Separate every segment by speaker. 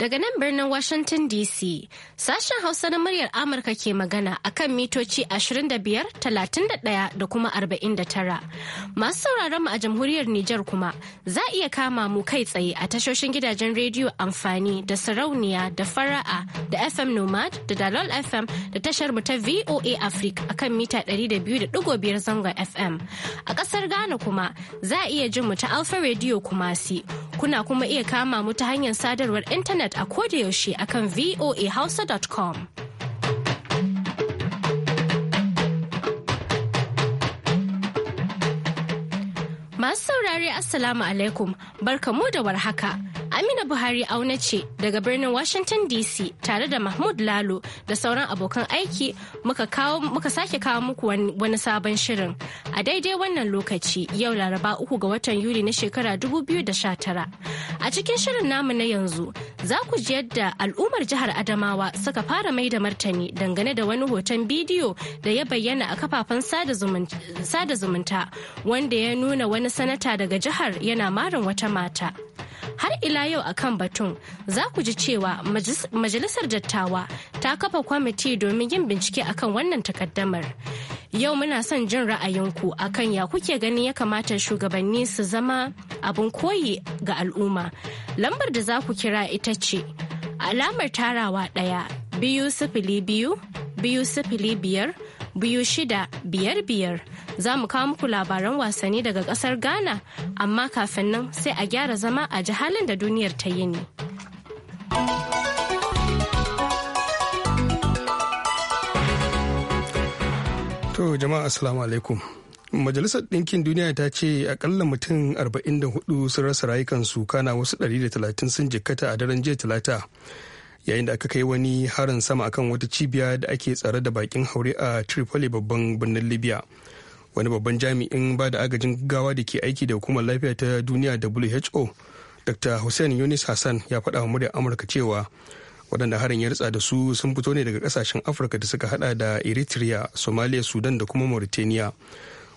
Speaker 1: Daga nan birnin Washington DC, sashen Hausa na muryar Amurka ke magana a kan mitoci 25, 31 da kuma 49. Masu sauraron mu a jamhuriyar Nijar kuma za iya kama mu kai tsaye a tashoshin gidajen rediyo amfani da sarauniya da fara'a da FM Nomad da Dalol FM da tashar mu ta VOA Africa a kan mita 200.5 zangon FM. A ƙasar Ghana kuma za a iya jin mu ta Alpha Radio Kumasi. Kuna kuma iya kama mu ta hanyar sadarwar intanet intanet a voahausa.com. Masu saurare Assalamu alaikum barkamu da warhaka. Amina Buhari auna ce daga birnin Washington DC tare da Mahmud Lalo da sauran abokan aiki muka, sake kawo muku wani sabon shirin. A daidai wannan lokaci yau laraba uku ga watan Yuli na shekara 2019. A cikin shirin namu na yanzu za ku ji yadda al'ummar jihar Adamawa suka fara mai da martani dangane da wani hoton bidiyo da ya bayyana a kafafen sada zumunta wanda ya nuna wani sanata daga jihar yana marin wata mata. Har ila yau a kan batun za ku ji cewa majalisar dattawa ta kafa kwamiti domin yin bincike akan wannan takaddamar. Yau muna son jin ra'ayinku akan ya kuke gani ya kamata shugabanni su zama abin koyi ga al'umma. Lambar da za ku kira ita ce alamar tarawa ɗaya biyu sifili biyu biyu sifili biyar biyu shida biyar biyar za mu kawo muku labaran wasanni daga kasar ghana amma kafin nan sai a gyara zama a ji halin da duniyar ta yi ne.
Speaker 2: To jama'a assalamu alaikum. Majalisar Ɗinkin Duniya ta ce akalla mutum 44 sun rasa rayukansu kana wasu 130 sun jikkata a daren jiya talata yayin da aka kai wani harin sama akan wata cibiya da ake tsare da bakin haure a tripoli babban birnin libya wani babban jami'in ba da agajin gaggawa da ke aiki da hukumar lafiya ta duniya who dr hussein yunis hassan ya faɗa wa muryar amurka cewa waɗanda harin ya ritsa da su sun fito ne daga ƙasashen afirka da suka hada da eritrea somalia sudan da kuma mauritania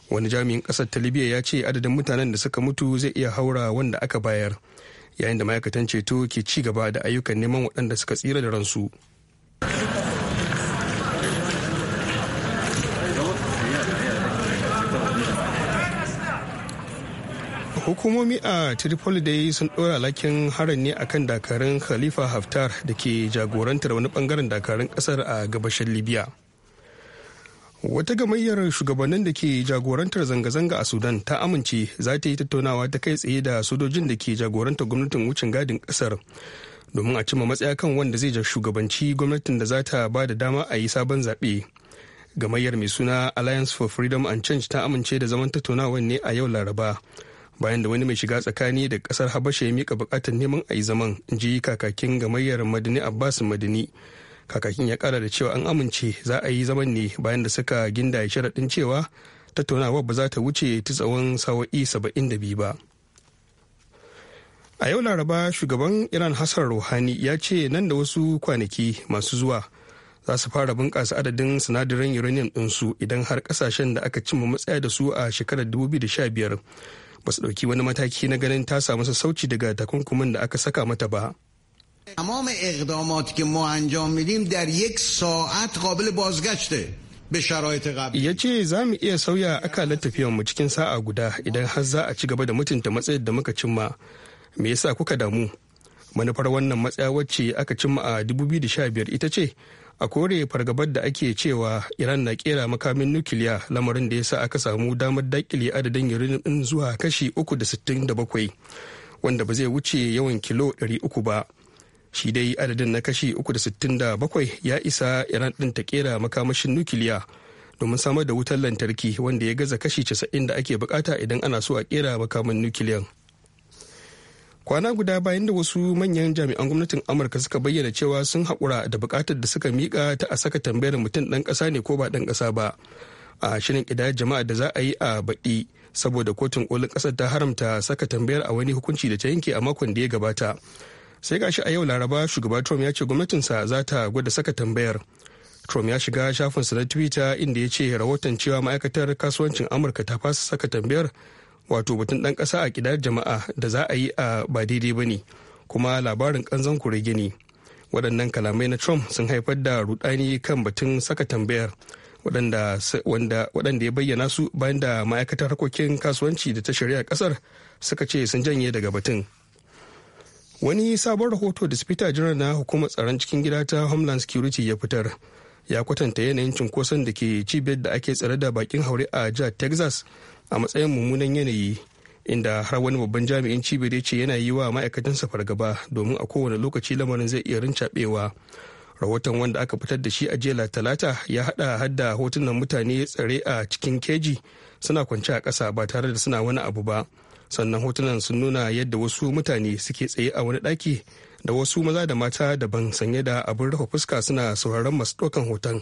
Speaker 2: wani jami'in ƙasar ta libya ya ce adadin mutanen da suka mutu zai iya haura wanda aka bayar yayin da ma'aikatan ceto ke ci gaba da ayyukan neman waɗanda suka tsira da ransu hukumomi a tripoli dai sun ɗora alakin harin ne akan dakarun khalifa haftar da ke jagorantar wani ɓangaren dakarun ƙasar a gabashin libya wata gamayyar shugabannin da ke jagorantar zanga-zanga a sudan ta amince za ta yi tattaunawa ta kai tsaye da sojojin da ke jagorantar gwamnatin wucin gadin kasar domin a cimma matsaya kan wanda zai shugabanci gwamnatin da za ta ba da dama a yi sabon zaɓe gamayyar mai suna alliance for freedom and change ta amince da zaman tattaunawar ne a yau laraba bayan da wani mai shiga tsakani da kasar habasha ya mika bukatar neman a yi zaman ji kakakin gamayyar madani abbas madani kakakin ya kara da cewa an amince za a yi zaman ne bayan da suka ginda sharaɗin cewa tattaunawar ba za ta wuce ta tsawon sawa'i biyu ba a yau laraba shugaban iran hassan rouhani ya ce nan da wasu kwanaki masu zuwa za su fara bunƙasa adadin sinadarin uranium ɗinsu idan har ƙasashen da aka cimma matsaya da su a shekarar 2015 ba su ɗauki wani mataki na ganin ta samu sassauci daga takunkumin da aka saka mata ba
Speaker 3: تمام اقداماتی که ما انجام میدیم در یک ساعت قابل بازگشته به شرایط قبل ya
Speaker 2: ce za mu iya sauya akalar mu cikin sa'a guda idan har za a ci gaba da mutunta matsayin da muka cimma me yasa kuka damu manufar wannan matsaya wacce aka cimma a 2015 ita ce a kore fargabar da ake cewa iran na kera makamin nukiliya lamarin da ya sa aka samu damar dakile adadin uranium zuwa kashi 367 wanda ba zai wuce yawan kilo 300 ba shi dai adadin na kashi 367 ya isa iran ɗin ta kera makamashin nukiliya domin samar da wutar lantarki wanda ya gaza kashi 90 da ake bukata idan ana so a kera makaman nukiliyan kwana guda bayan da wasu manyan jami'an gwamnatin amurka suka bayyana cewa sun haƙura da buƙatar da suka mika ta a saka tambayar mutum ɗan ƙasa ne ko ba ɗan ƙasa ba a shirin ƙidayar jama'a da za a yi a baɗi saboda kotun kolin ƙasar ta haramta saka tambayar a wani hukunci da ta yanke a makon da ya gabata sai gashi a yau laraba shugaba trump ya ce gwamnatinsa za ta gwada saka tambayar trump ya shiga shafinsa na twitter inda ya ce rahoton cewa ma'aikatar kasuwancin amurka ta fasa saka tambayar wato batun dan kasa a kidar jama'a da za a yi a ba daidai ba ne kuma labarin ƙanzon kurege gini waɗannan kalamai na trump sun haifar da rudani kan batun saka tambayar waɗanda ya bayyana su bayan da ma'aikatar harkokin kasuwanci da ta shari'a ƙasar suka ce sun janye daga batun. wani sabon rahoto da spita jiran na hukumar tsaron cikin gida ta homeland security ya fitar ya kwatanta yanayin cunkoson da ke cibiyar da ake tsare da bakin haure a jihar texas a matsayin mummunan yanayi inda har wani babban jami'in cibiyar ya ce yana yi wa ma'aikatansa fargaba domin a kowane lokaci lamarin zai iya rincaɓewa rahoton wanda aka fitar da shi a jela talata ya hada hadda hotunan mutane tsare a cikin keji suna kwance a ƙasa ba tare da suna wani abu ba sannan hotunan sun nuna yadda wasu mutane suke tsaye a wani ɗaki da wasu maza da mata daban sanye da abin rufe fuska suna sauraron masu ɗaukan hoton.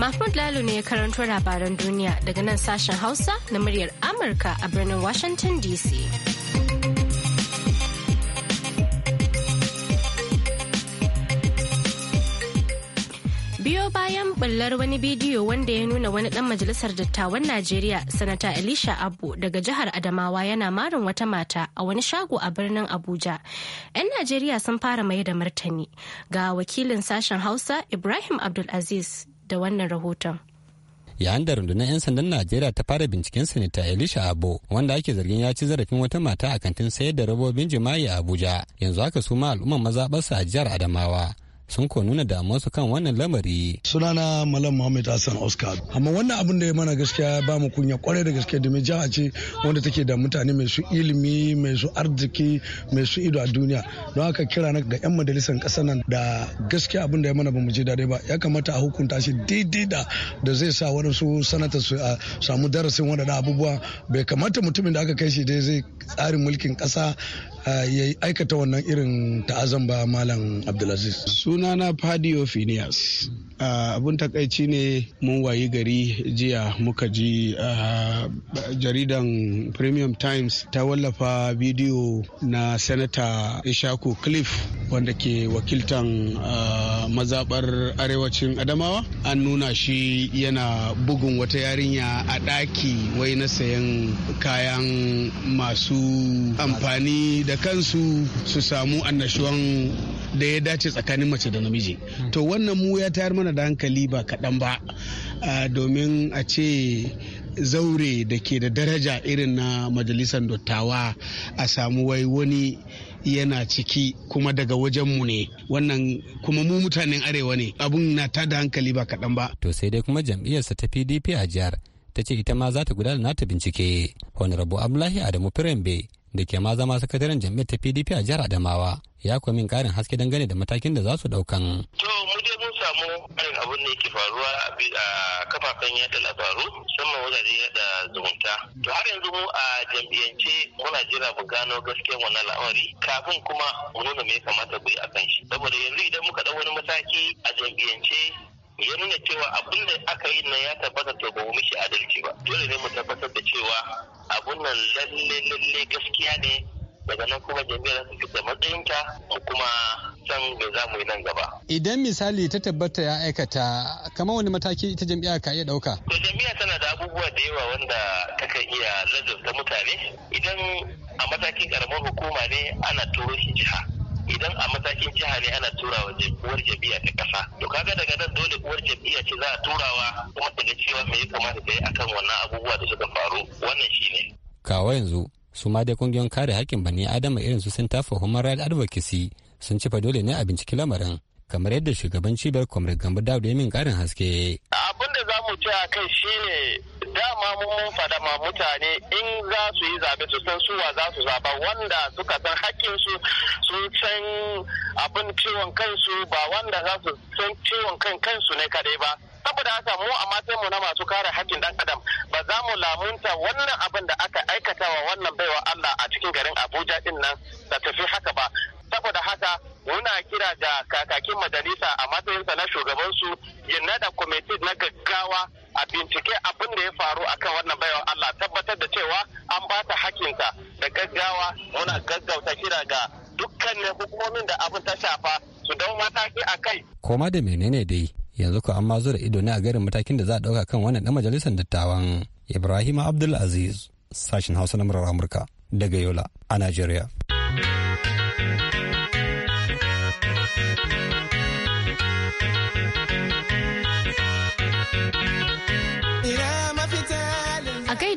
Speaker 1: Mahmud Lalo ne ya karanto labaran duniya daga nan sashen Hausa na muryar Amurka a birnin Washington DC. biyo bayan bullar wani bidiyo wanda ya nuna wani dan majalisar dattawan najeriya sanata elisha abu daga jihar adamawa yana marin wata mata a wani shago a birnin abuja 'yan najeriya sun fara mai da martani ga wakilin sashen hausa ibrahim abdulaziz da wannan rahoton
Speaker 4: yayin da rundunar 'yan sandan najeriya ta fara binciken sanita elisha abo wanda ake zargin ya ci zarafin wata mata a kantin sayar da rabobin jima'i a abuja yanzu haka su ma al'umman mazaɓarsa a jihar adamawa sun ko nuna damuwarsu kan wannan lamari. Sunana Malam Muhammad Hassan Oscar.
Speaker 5: Amma wannan abin da ya mana gaskiya ba mu kunya kwarai da gaske domin jiha ce wanda take da mutane mai su ilimi, mai su arziki, mai su ido a duniya. Don haka kira na ga 'yan majalisar ƙasar nan da gaskiya abin da ya mana ba mu je daɗi ba. Ya kamata a hukunta shi daidai da da zai sa waɗansu sanata su samu darasin waɗannan abubuwa. Bai kamata mutumin da aka kai shi dai zai tsarin mulkin ƙasa ya aikata wannan irin ta'azan ba malam abdulaziz sunana
Speaker 2: fadio
Speaker 6: phineas
Speaker 2: abun takaici ne mun wayi gari jiya muka ji jaridan premium times ta wallafa bidiyo na senator ishaku cliff wanda ke wakiltan mazabar arewacin adamawa an nuna shi yana bugun wata yarinya a ɗaki wai na sayan kayan masu amfani da kansu su samu annashuwan da ya dace tsakanin mace da namiji
Speaker 5: to wannan mu ya tayar mana da hankali ba kaɗan ba domin a ce zaure da ke da daraja irin na majalisar dottawa a samu wai
Speaker 2: wani yana ciki kuma daga wajenmu ne wannan kuma mu mutanen
Speaker 4: arewa ne abun na ta da hankali ba kaɗan ba to sai dai kuma jam'iyyarsa ta pdp a jihar ta ce ita ma za ta gudanar nata bincike honorable abdullahi adamu firambe da ke ma zama sakataren jami'ar ta pdp a jihar adamawa ya komin min karin haske dangane da matakin da za su daukan. to
Speaker 7: mu
Speaker 8: dai mun samu irin abun da yake faruwa a kafafen yada labaru musamman wajen yada zumunta to har yanzu mu a jam'iyyance muna jira mu gano gaskiyar wannan la'amari kafin kuma mu nuna me ya kamata mu yi kan shi saboda yanzu idan muka dau wani mataki a jam'iyyance ya nuna cewa abin da aka yi na ya tabbatar to ba mu mishi adalci ba dole ne mu tabbatar da cewa abun nan lalle lalle gaskiya ne daga nan kuma jami'ar su da matsayinta mu kuma san da za mu yi nan
Speaker 7: gaba.
Speaker 4: Idan misali ta tabbata ya aikata kamar wani mataki ita jami'a ka iya ɗauka? To jami'a tana
Speaker 8: da abubuwa da yawa wanda takan iya lazarta mutane idan a matakin karamar hukuma ne ana turo shi jiha. idan a matakin jiha ne ana turawa uwar jami'a ta kasa to kaga daga nan dole uwar jami'a ce za a turawa kuma ga cewa me ya kamata ta yi akan
Speaker 7: wannan abubuwa da suka faru wannan shine
Speaker 4: kawa yanzu su ma dai kungiyoyin kare haƙƙin bani adama irin su sun tafa human rights advocacy sun ci fa dole ne a binciki lamarin kamar yadda shugaban cibiyar kwamar gambo dawo ya min karin haske.
Speaker 8: mu a kai shine dama mun fada ma mutane in za su yi zabe su san suwa za su zaba wanda suka san hakkin su sun san abin ciwon kansu ba wanda za su san ciwon kan kansu ne kadai ba saboda haka mu a matanmu mu na masu kare hakkin dan adam ba za mu lamunta wannan abin da aka aikata wa wannan baiwa Allah a cikin garin Abuja din nan da tafi haka ba saboda haka muna kira da kakakin majalisa a matsayinsa na shugabansu ya nada kwamiti na gaggawa a bincike abin da ya faru akan wannan baiwan Allah tabbatar da cewa an ba ta hakinta da gaggawa muna
Speaker 4: gaggauta kira ga dukkanin hukumomin da abin ta shafa su dau mataki a kai. Koma da menene dai yanzu ko an ma zura ido ne a garin matakin da za a ɗauka kan wannan ɗan majalisar dattawan Ibrahim Abdul Aziz sashen Hausa na murar Amurka daga Yola a nigeria.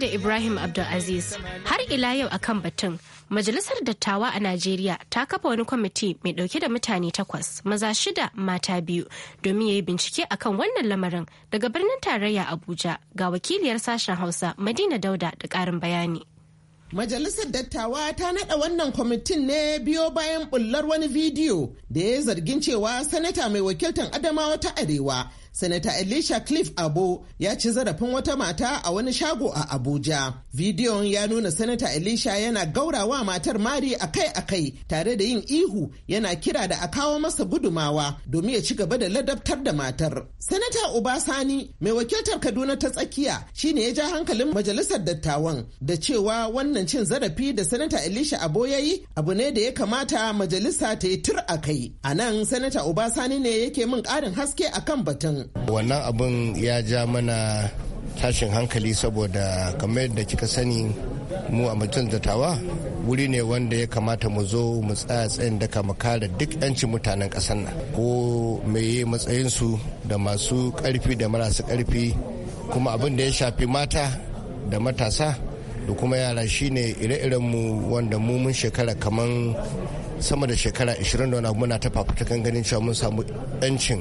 Speaker 1: da Ibrahim Abdulaziz. Har ila yau a kan batun, Majalisar Dattawa a Najeriya ta kafa wani kwamiti mai dauke da mutane takwas, maza shida, mata biyu, domin ya yi bincike akan wannan lamarin daga birnin tarayya Abuja ga wakiliyar sashen Hausa Madina Dauda da karin bayani.
Speaker 6: Majalisar Dattawa ta naɗa wannan kwamitin ne biyo bayan bullar wani bidiyo da ya zargin cewa sanata mai wakiltar Adamawa ta Arewa Sanata Elisha Cliff Abo ya ci zarafin wata mata a wani shago a Abuja. Bidiyon ya nuna Sanata Elisha yana gaurawa matar mari akai-akai tare da yin ihu yana kira da a kawo masa gudumawa domin ya ci gaba da ladabtar da matar. Sanata Obasani mai wakiltar Kaduna ta tsakiya shine ya ja hankalin majalisar dattawan da cewa wannan cin zarafi da Sanata Elisha Abo ya yi abu ne da ya kamata majalisa ta yi tur a kai. A nan Sanata Obasani ne yake min ƙarin haske akan batun.
Speaker 9: wannan abin ya ja mana tashin hankali saboda kamar yadda kika sani mu a mutum dattawa wuri ne wanda ya kamata mu zo mu tsaya tsayin daka mu kare duk 'yancin mutanen ƙasar nan ko meye matsayinsu da masu ƙarfi da marasu ƙarfi kuma abin da ya shafi mata da matasa da kuma yara shine ire-iren mu wanda mu mun shekara kamar sama da shekara 20 da muna ta fafutukan ganin cewa mun samu 'yancin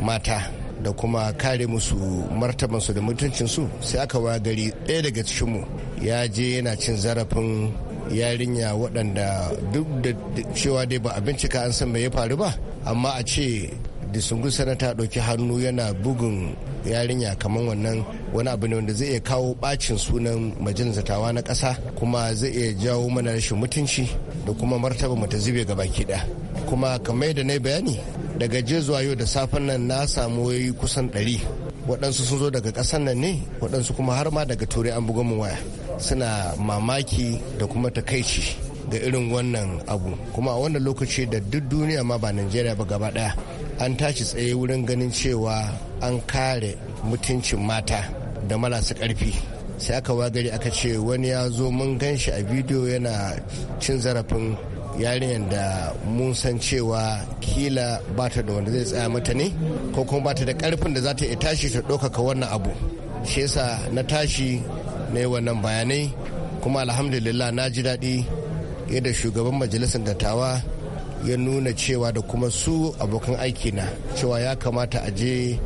Speaker 9: mata da kuma kare musu martabansu da mutuncinsu sai aka wa gari ɗaya daga cikinmu ya je yana cin zarafin yarinya waɗanda duk da cewa dai ba a bincika an san mai ya faru ba amma a ce da sana ta ɗauki hannu yana bugun yarinya kamar wannan wani abu ne wanda zai iya kawo bacin sunan tawa na kasa kuma zai iya jawo mana rashin mutunci da kuma martaba mu ta zube gaba ki kuma kamar da na bayani daga je zuwa yau da safen nan na samu wayoyi kusan ɗari waɗansu sun zo daga ƙasar nan ne waɗansu kuma har ma daga turai an buga mu waya suna mamaki da kuma takaici ga irin wannan abu kuma a wannan lokaci da duk duniya ma ba najeriya ba gaba ɗaya an tashi tsaye wurin ganin cewa an kare mutuncin mata da marasa karfi sai aka wagari aka ce wani ya zo mun gan shi a bidiyo yana cin zarafin yarinyar da mun san cewa kila ba ta da wanda zai tsaya mata ne ko kuma ba ta da karfin da za ta iya tashi ta ɗaukaka wannan abu shi yasa na tashi na yi wannan bayanai kuma alhamdulillah na ji daɗi yadda shugaban majalisar dattawa ya nuna cewa da kuma su abokan aiki na cewa ya kamata a je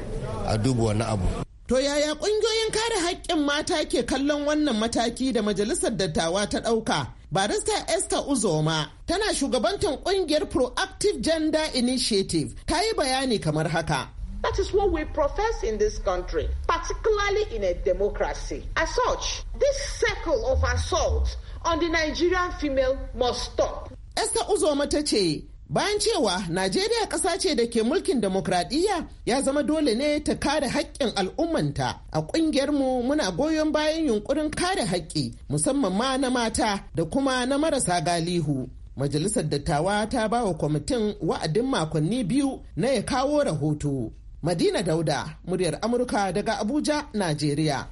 Speaker 9: a duba wani abu
Speaker 6: to yaya kungiyoyin kare haƙƙin mata ke kallon wannan mataki da majalisar dattawa ta ɗauka barista esther uzoma tana shugabantar kungiyar proactive gender initiative ta yi bayani kamar haka That is what we profess in this country, particularly in a democracy. As such, this circle of assault on the Nigerian female must stop. Esther Uzoma ta ce, bayan cewa Najeriya ƙasa ce da ke mulkin demokradiyya ya zama dole ne ta kare haƙƙin al'ummanta. A ƙungiyarmu muna goyon bayan yunkurin kare haƙƙi musamman ma na mata da kuma na marasa galihu. Majalisar dattawa ta ba wa kwamitin wa'adin makonni biyu na ya kawo rahoto. Madina Dauda, muryar Amurka daga Abuja, Najeriya.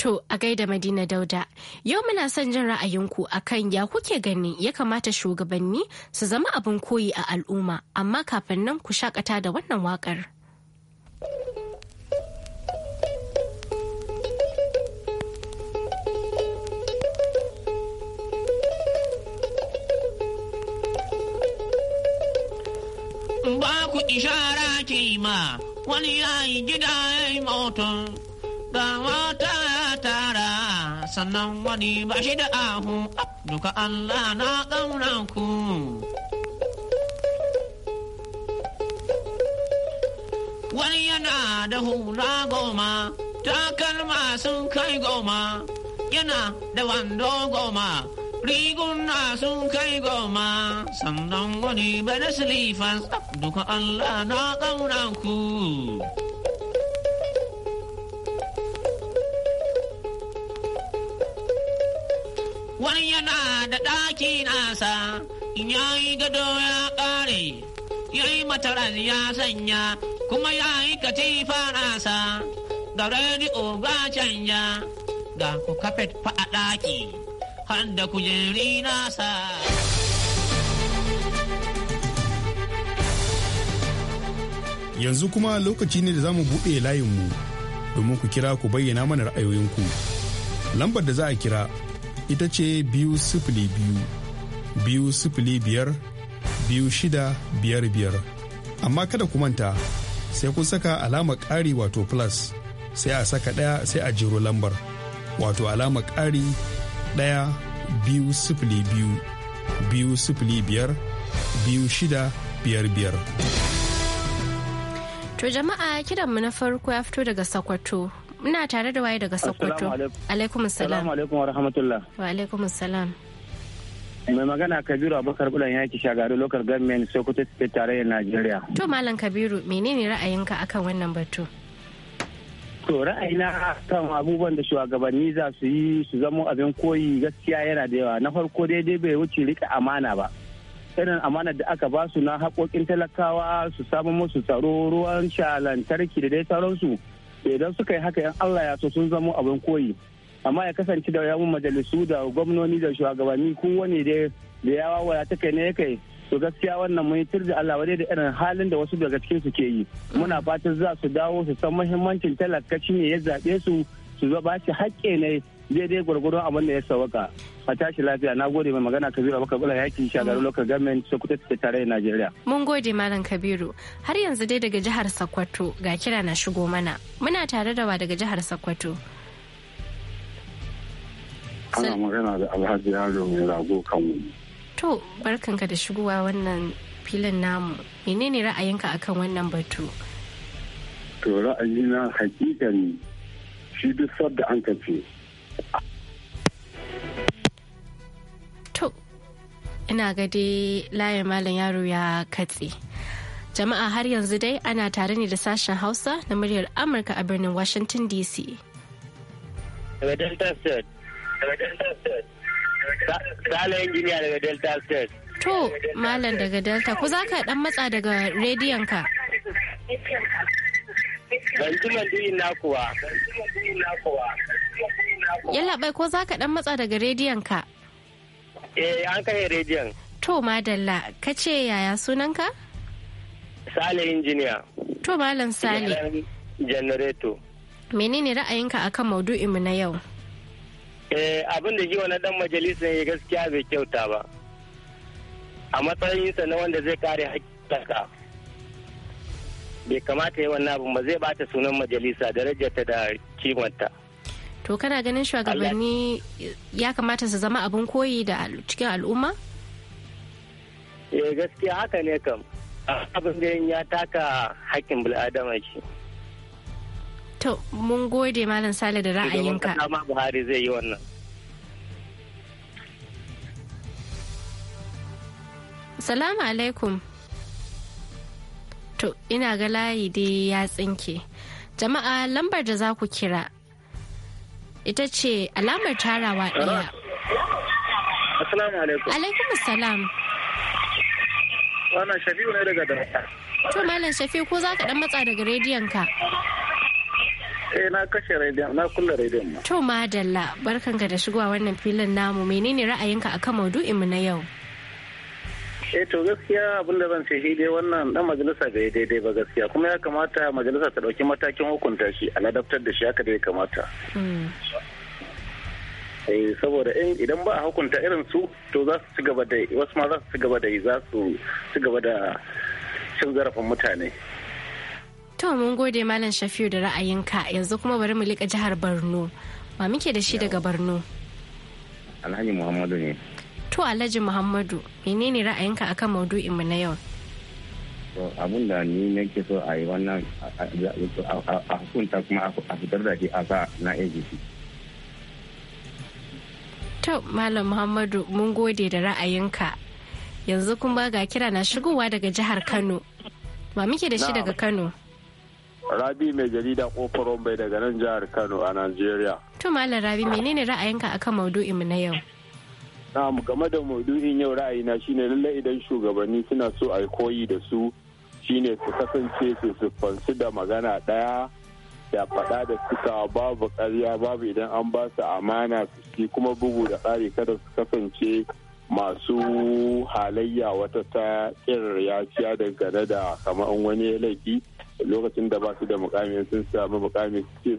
Speaker 1: To a gaida Madina Dauda, yau muna son jin ra'ayinku a kan ya kuke gani ya kamata shugabanni su zama abin koyi a al'umma, amma kafin nan ku shakata da wannan waƙar.
Speaker 9: Ba ku ishara ke ma wani yayi gida ya yi ga mata sannan wani ba shi da ahu duka Allah na ƙauna ku. Wani yana da hula goma, takalma sun kai goma, yana da wando goma, riguna sun kai goma, sannan wani ba da silifan duka Allah na ƙauna ku. ɗaki nasa ya yi gado ya ƙare ya yi mataran ya sanya kuma ya yi katifa nasa ga rediyo ga canja ga ku kafet fa a ɗaki har da kujeri nasa
Speaker 2: yanzu kuma lokaci ne da za mu buɗe layinmu domin ku kira ku bayyana mana ra'ayoyinku lambar da za a kira ita ce biyu sifili biyu biyu sifili biyar biyu shida biyar biyar amma kada ku manta sai kun saka alama ƙari wato plus sai a saka ɗaya sai a jiro lambar wato alama ƙari ɗaya biyu sifili biyu biyu sifili biyar biyu shida biyar biyar.
Speaker 1: To jama'a kiranmu na farko ya fito daga Sokoto Muna tare da waye daga Sokoto. Alaikum salam.
Speaker 8: Assalamu alaikum wa rahmatullah.
Speaker 1: Wa alaikum salam.
Speaker 8: Mai magana Kabiru Abubakar Bulan yaki shagaru local government Sokoto State tarayyar Najeriya.
Speaker 1: To Malam Kabiru menene ra'ayinka akan wannan batu?
Speaker 8: To ra'ayina kan abubuwan da shugabanni za su yi su zamo abin koyi gaskiya yana da yawa na farko daidai bai wuce rika amana ba. irin amanar da aka ba su na haƙoƙin talakawa su samu musu tsaro ruwan sha lantarki da dai sauransu idan suka yi haka yan Allah ya so sun zama abin koyi amma ya kasance da yawun majalisu da gwamnoni da shugabanni kowane da da ya wawaya ta kai ne ya kai to gaskiya wannan mun tir da Allah wadai da irin halin da wasu daga cikin su ke yi muna fatan za su dawo su san muhimmancin talakaci ne ya zaɓe su su ba shi haƙƙi ne dai gwargwaro abin da ya sauka a tashi lafiya na gode mai magana kabiru abubakar bula yakin shagarin local government sokoto ta da najeriya
Speaker 1: mun gode malam kabiru har yanzu dai daga jihar sokoto ga kira na shigo mana muna tare da wa daga jihar sokoto
Speaker 7: ana magana da alhaji yaro mai rago kan
Speaker 1: to barkanka da shigowa wannan filin namu menene ra'ayinka akan wannan batu
Speaker 7: to ra'ayina hakikani shi duk sadda an kace
Speaker 1: ina ga dai layin malam yaro ya katse jama'a har yanzu dai ana tare ne da sashen hausa na muryar amurka a birnin washington dc to malam daga delta ko za ka dan matsa daga rediyon ka yalla bai ko za ka dan matsa daga rediyon ka
Speaker 8: Eh an kashe rediyon.
Speaker 1: To madalla ka ce yaya sunanka?
Speaker 8: Sale injiniya. To malam Sale. Janareto.
Speaker 1: Menene ra'ayinka akan maudu'inmu na yau?
Speaker 8: Eh abin da wani dan majalisa ya gaskiya bai kyauta ba. A matsayinsa na wanda zai kare hakika Bai kamata yi wannan abin ba zai bata sunan majalisa darajarta da kimanta. to kana ganin
Speaker 1: shugabanni ya kamata su zama abin koyi da cikin al'umma
Speaker 8: eh gaskiya haka ne kam abin da ya taka hakkin bil'adama shi
Speaker 1: to mun gode malam sale da ra'ayinka
Speaker 8: ma buhari zai yi wannan
Speaker 1: salamu alaikum to ina ga layi dai ya tsinke jama'a lambar da za ku kira ita ce alamar tarawa ɗaya. alaikum. Alaikum
Speaker 5: Wannan shafi ne daga Darata.
Speaker 1: To Malam shafi ko za ka ɗan matsa daga rediyon ka?
Speaker 5: Eh na kashe rediyon na kulle rediyon ma.
Speaker 1: To madalla barkanka da shigowa wannan filin namu menene ra'ayinka akan maudu'in mu na yau?
Speaker 8: eh to gaskiya abin da zan ce shi dai wannan dan majalisa bai daidai ba gaskiya kuma ya kamata majalisa ta dauki matakin hukunta shi a ladabtar da shi haka da ya kamata mm. Eh, saboda idan ba a hukunta irin su to za su ci gaba da wasu ma za su ci gaba da za su ci gaba da cin zarafin mutane
Speaker 1: to mun gode malam shafiu da ra'ayinka yanzu kuma bari mu lika jihar barno ma muke da shi daga barno.
Speaker 8: alhaji muhammadu ne
Speaker 1: to alhaji muhammadu menene ra'ayinka akan maudu'in mu na yau
Speaker 8: abun da ni nake so a yi wannan a hukunta kuma a fitar da shi a sa na agc
Speaker 1: To Malam Muhammadu mun gode da ra'ayinka. Yanzu kun ba ga kira na shigowa daga jihar Kano. Ba muke da shi daga Kano.
Speaker 7: Rabi mai jarida kofar bai daga nan jihar Kano a Najeriya.
Speaker 1: To Malam Rabi menene ra'ayinka akan maudu'in mu na yau?
Speaker 7: Na'am game da maudu'in yau ra'ayina shine lallai idan shugabanni suna so a koyi da su shine su kasance su siffansu da magana ɗaya da faɗa da suka babu ƙarya babu idan an ba su amana su kuma bugu da ƙari kada su kasance masu halayya wata ta irin yaciya dangane da kamar wani ya laifi lokacin da ba su da mukami sun samu mukamin su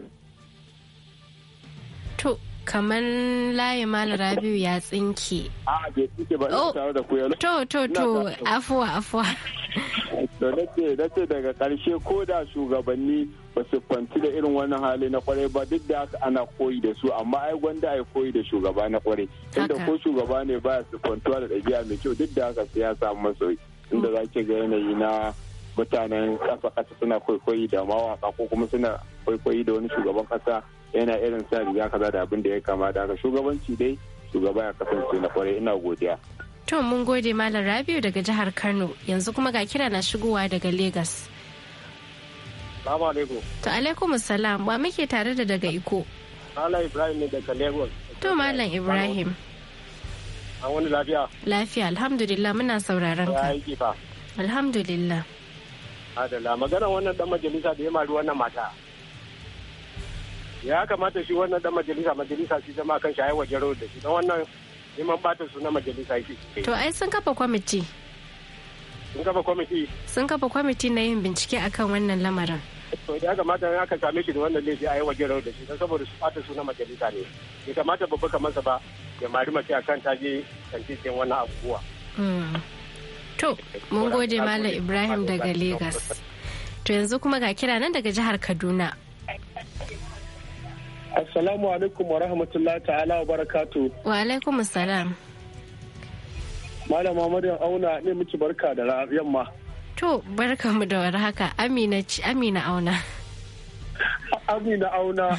Speaker 1: kamar layi malam rabiu ya tsinke
Speaker 7: ah, a oh, to to to
Speaker 1: afuwa afuwa
Speaker 7: to nace daga karshe ko da shugabanni ba su fanci da irin wannan hali na kwarai ba duk da haka ana koyi da su amma ai gwanda ai koyi da shugaba na kwarai inda ko shugaba ne ba su fantuwa da ɗabi'a mai kyau duk da haka sai ya samu masoyi inda mm. za ki ga yanayi na mutanen ƙasa ƙasa suna kwaikwayi da mawaƙa ko kuma suna kwaikwayi da wani shugaban ƙasa yana irin sa riga kaza da abin da ya kama da haka shugabanci dai shugaba ya kasance na kwarai ina godiya
Speaker 1: to mun gode malam rabiu daga jihar kano yanzu kuma ga kira na shigowa daga lagos salamu alaikum to alaikum salam wa muke tare da daga iko
Speaker 5: malam ibrahim ne daga lagos to
Speaker 1: malam ibrahim an wani lafiya lafiya alhamdulillah muna sauraron
Speaker 5: ka
Speaker 1: alhamdulillah
Speaker 5: adala magana wannan dan majalisa da ya mari wannan mata ya kamata shi wannan dan majalisa majalisa shi zama kan shi ai waje da shi don wannan neman bata su na majalisa shi to ai
Speaker 1: sun kafa kwamiti
Speaker 5: sun kafa kwamiti
Speaker 1: sun kafa kwamiti na yin bincike akan wannan lamarin
Speaker 5: to ya kamata in aka same shi da wannan laifi ai waje da shi don saboda su bata su na majalisa ne ya kamata babba kamar sa ba ya mari mace akan ta je kan kantin wannan abubuwa
Speaker 1: hmm. to mun gode malam ibrahim daga lagos to yanzu kuma ga kira nan daga jihar kaduna
Speaker 5: Assalamu alaikum wa rahmatullahi ta'ala wa barakatu.
Speaker 1: Wa alaikum assalam.
Speaker 5: Malama Maryam Auna ne miki barka da yamma.
Speaker 1: To barka mu da haka, Amina Amina Auna.
Speaker 5: Amina Auna.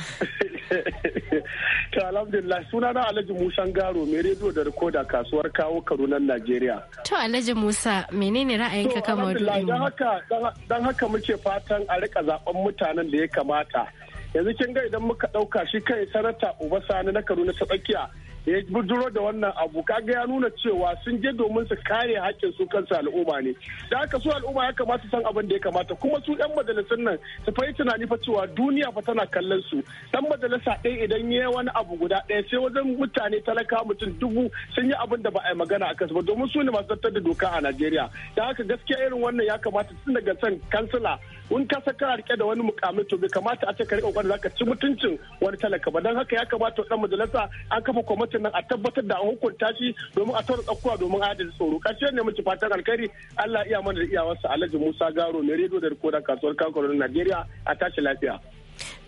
Speaker 5: to alhamdulillah suna na Alhaji Musa Garo mai rediyo da rikoda kasuwar kawo nan Najeriya.
Speaker 1: To Alhaji Musa menene ra'ayinka kan alhamdulillah Dan
Speaker 5: haka dan haka muke fatan a rika zaben mutanen da ya kamata. yanzu kin ga idan muka ɗauka shi kai sanata Sani na Kaduna ta tsakiya ya bujuro da wannan abu kaga ya nuna cewa sun je domin su kare haƙƙin su kansu al'umma ne da haka su al'umma ya kamata san abin da ya kamata kuma su yan majalisun nan su fahimci tunani fa cewa duniya fa tana kallon su ɗan majalisa ɗaya idan ya wani abu guda ɗaya sai wajen mutane talaka mutum dubu sun yi abin da ba a yi magana a kansu ba domin su ne masu tattar da doka a Najeriya da haka gaskiya irin wannan ya kamata tun daga san kansila in ka saka da wani mukamin to bai kamata a ce ka rike ba zaka ci mutuncin wani talaka ba don haka ya kamata dan majalisa an kafa kwamitin nan a tabbatar da an hukunta shi domin a tura tsakuwa domin adalci tsoro kashe ne ci fatan alkhairi Allah iya mana da iyawarsa Alhaji Musa Garo ne rediyo da rikoda kasuwar na Najeriya a tashi lafiya.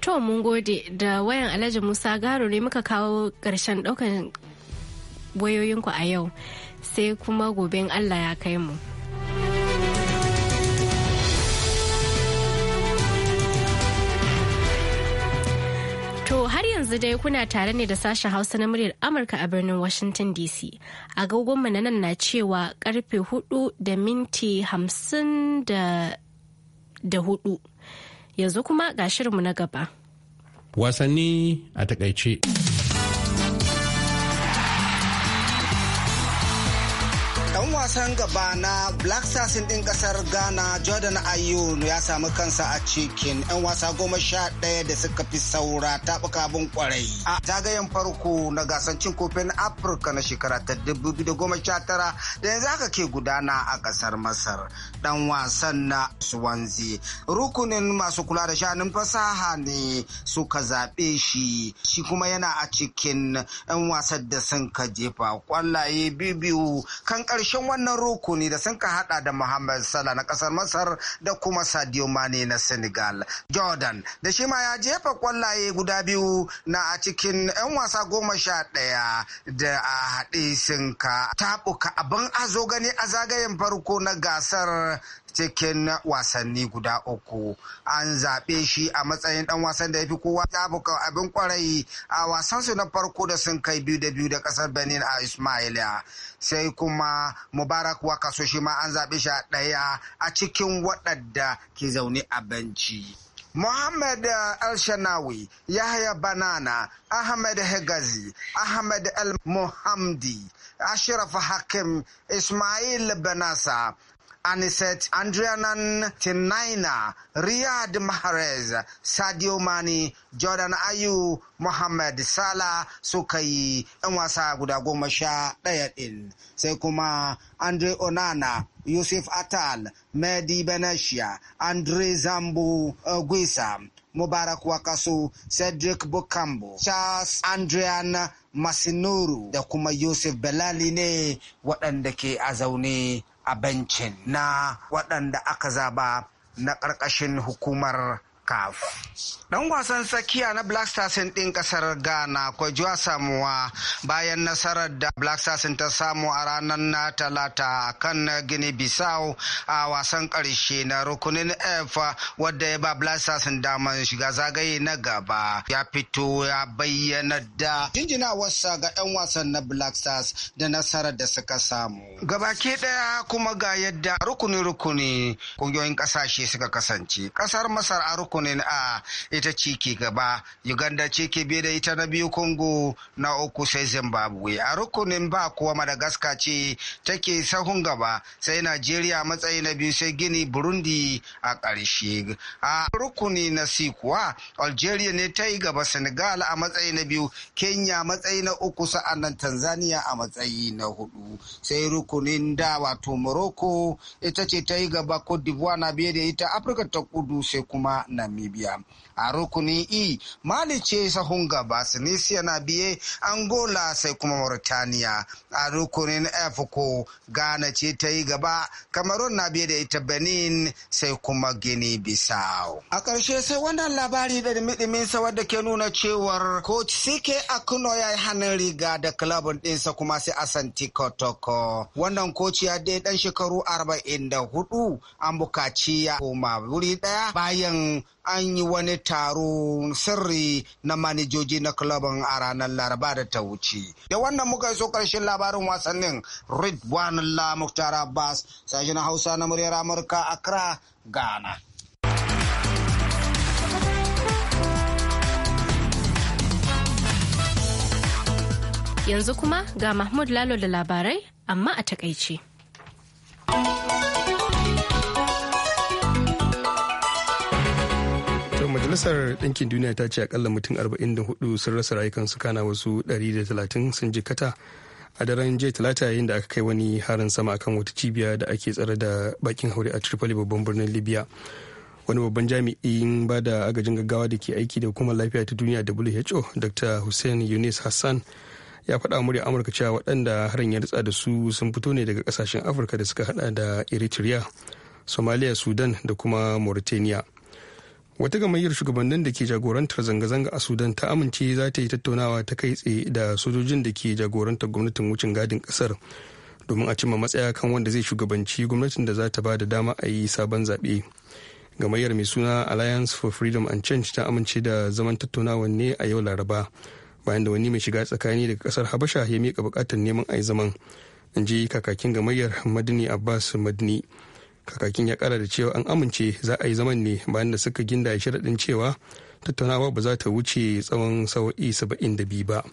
Speaker 1: To mun gode da wayan Alhaji Musa Garo ne muka kawo karshen daukan wayoyinku a yau sai kuma gobe Allah ya kai mu. har yanzu dai kuna tare ne da sashen Hausa na muryar Amurka a birnin Washington DC. Agogonmu na nan na cewa karfe 4 da minti 54 da Yanzu kuma ga shirinmu na gaba.
Speaker 2: Wasanni a takaice.
Speaker 3: wasan gaba na Black Stars ɗin ƙasar Ghana Jordan Ayew ya samu kansa a cikin 'yan wasa goma sha ɗaya da suka fi saura taɓuka abin kwarai. A zagayen farko na gasar cin kofin Afirka na shekara ta 2019 da yanzu aka ke gudana a ƙasar Masar. Ɗan wasan na Swanzi Rukunin masu kula da shanun fasaha ne suka zaɓe shi. Shi kuma yana a cikin 'yan wasan da sun ka jefa kwallaye biyu kan ƙarshen wannan rukuni da sun ka hada da Muhammad Salah na kasar Masar da kuma Sadio Mane na Senegal. Jordan da shi ma ya jefa kwallaye guda biyu na a cikin 'yan wasa goma sha ɗaya da a haɗe sun ka taɓuka abin azo gani a zagayen farko na gasar cikin wasanni guda uku an zaɓe shi a matsayin ɗan wasan da ya fi kowa ya buka abin kwarai a wasansu na farko da sun kai biyu da biyu da ƙasar benin a ismaila sai kuma mubarak wakaso shi ma an zaɓe shi a ɗaya a cikin waɗanda ke zaune a benci muhammad al shanawi Yahya Banana, Ahmed Hegazi, Ahmed El-Muhamdi, Ashraf Hakim, Ismail Benasa, Aniset Andrianan Tinaina, Riyad Mahrez, Sadio Mani, Jordan Ayu, Mohamed Salah suka yi 'yan wasa guda goma sha ɗaya ɗin. Sai kuma Andre Onana, Yusuf Atal, Medi Benashia, Andre Zambu eh, Gwisa, Mubarak Wakasu, Cedric Bukambo, Charles Andrian Masinuru da kuma Yusuf Belali ne waɗanda ke a zaune a na waɗanda aka zaba na ƙarƙashin hukumar CAF. Dan wasan tsakiya na Black Stars ɗin ƙasar Ghana Kwajuwa Samuwa bayan nasarar da Black Stars ta samu a ranar na talata kan Gini Bissau a wasan ƙarshe na rukunin F wadda ya ba Black Stars daman shiga zagaye na gaba. Ya fito ya bayyana da jinjinawarsa ga 'yan wasan na Black Stars da nasarar da suka samu. Gabaki ɗaya kuma ga yadda rukuni-rukuni ƙungiyoyin ƙasashe suka kasance. Ƙasar Masar a rukunin a ita ce ke gaba uganda ce ke biye da ita na biyu congo na uku sai zimbabwe a rukunin ba kuwa madagascar ce take sahun gaba sai najeriya matsayi na biyu sai gini burundi a ƙarshe a rukuni na si kuwa algeria ne ta yi gaba senegal a matsayi na biyu kenya matsayi na uku sa'annan tanzania a matsayi na hudu sai rukunin da wato morocco ita ce ta yi gaba cote d'ivoire na biye da ita afirka ta kudu sai kuma na namibia a rukunin e mali ce sahun gaba tunisia na biye angola sai kuma mauritania a rukunin f ko ghana ce ta yi gaba cameroon na biye da ita benin sai kuma guinea bissau a ƙarshe sai wannan labari da dimidimin sa wadda ke nuna cewar coach sike akuno ya yi hannun riga da klabin ɗinsa kuma sai Asante kotoko wannan koci ya dai ɗan shekaru arba'in da hudu an bukaci ya koma wuri ɗaya bayan an yi wani taro sirri na manijoji na kulabin a ranar laraba da ta wuce da wannan muka so karshen labarin wasannin ridwan la muktar abbas sashen hausa na muryar amurka accra ghana
Speaker 1: yanzu kuma ga mahmud lalo da labarai amma a takaice.
Speaker 2: Majalisar Ɗinkin Duniya ta ce akalla mutum 44 sun rasa rayukansu kana wasu 130 sun jikata a daren jiya talata yayin da aka kai wani harin sama akan wata cibiya da ake tsare da bakin haure a Tripoli babban birnin Libya. Wani babban jami'in ba da agajin gaggawa da ke aiki da hukumar lafiya ta duniya WHO Dr. Hussein Yunis Hassan ya faɗa murya Amurka cewa waɗanda harin ya ritsa da su sun fito ne daga ƙasashen Afirka da suka hada da Eritrea, Somalia, Sudan da kuma Mauritania. wata gamayyar shugabannin da ke jagorantar zanga-zanga a sudan ta amince za ta yi tattaunawa ta kai tsaye da sojojin da ke jagorantar gwamnatin wucin gadin kasar domin a cimma matsaya kan wanda zai shugabanci gwamnatin da za ta ba da dama a yi sabon zaɓe gamayyar mai suna alliance for freedom and change ta amince da zaman tattaunawa ne a yau laraba bayan da wani mai shiga tsakani daga kasar habasha ya miƙa buƙatar neman a yi zaman in ji kakakin gamayyar madini abbas madini kakakin ya kara da cewa an amince za a yi zaman ne bayan da suka ginda sharaɗin cewa tattaunawa ba za ta wuce tsawon da biyu ba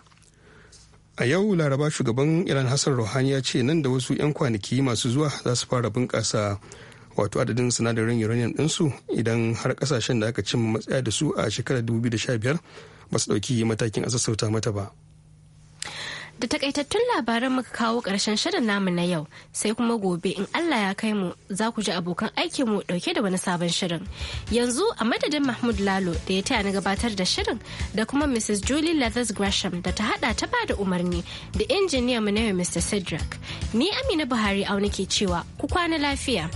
Speaker 2: a yau laraba shugaban iran hassan rohani ya ce nan da wasu 'yan kwanaki masu zuwa za su fara bunƙasa wato adadin sinadarin uranium ɗinsu idan har kasashen da aka cimma matsaya da su a shekarar 2015 ba su ɗauki matakin a sassauta mata ba
Speaker 1: Da takaitattun labaran muka kawo ƙarshen shirin namu na yau sai kuma gobe in Allah ya kai mu za ku ji abokan mu ɗauke da wani sabon shirin. Yanzu a madadin Mahmud Lalo da ya taya na gabatar da shirin da kuma Mrs. Julie Leathers Gresham da ta hada ta bada umarni da injiniya mu na yau Mr. Cedric. Ni Amina Buhari auna ke cewa ku kwana lafiya.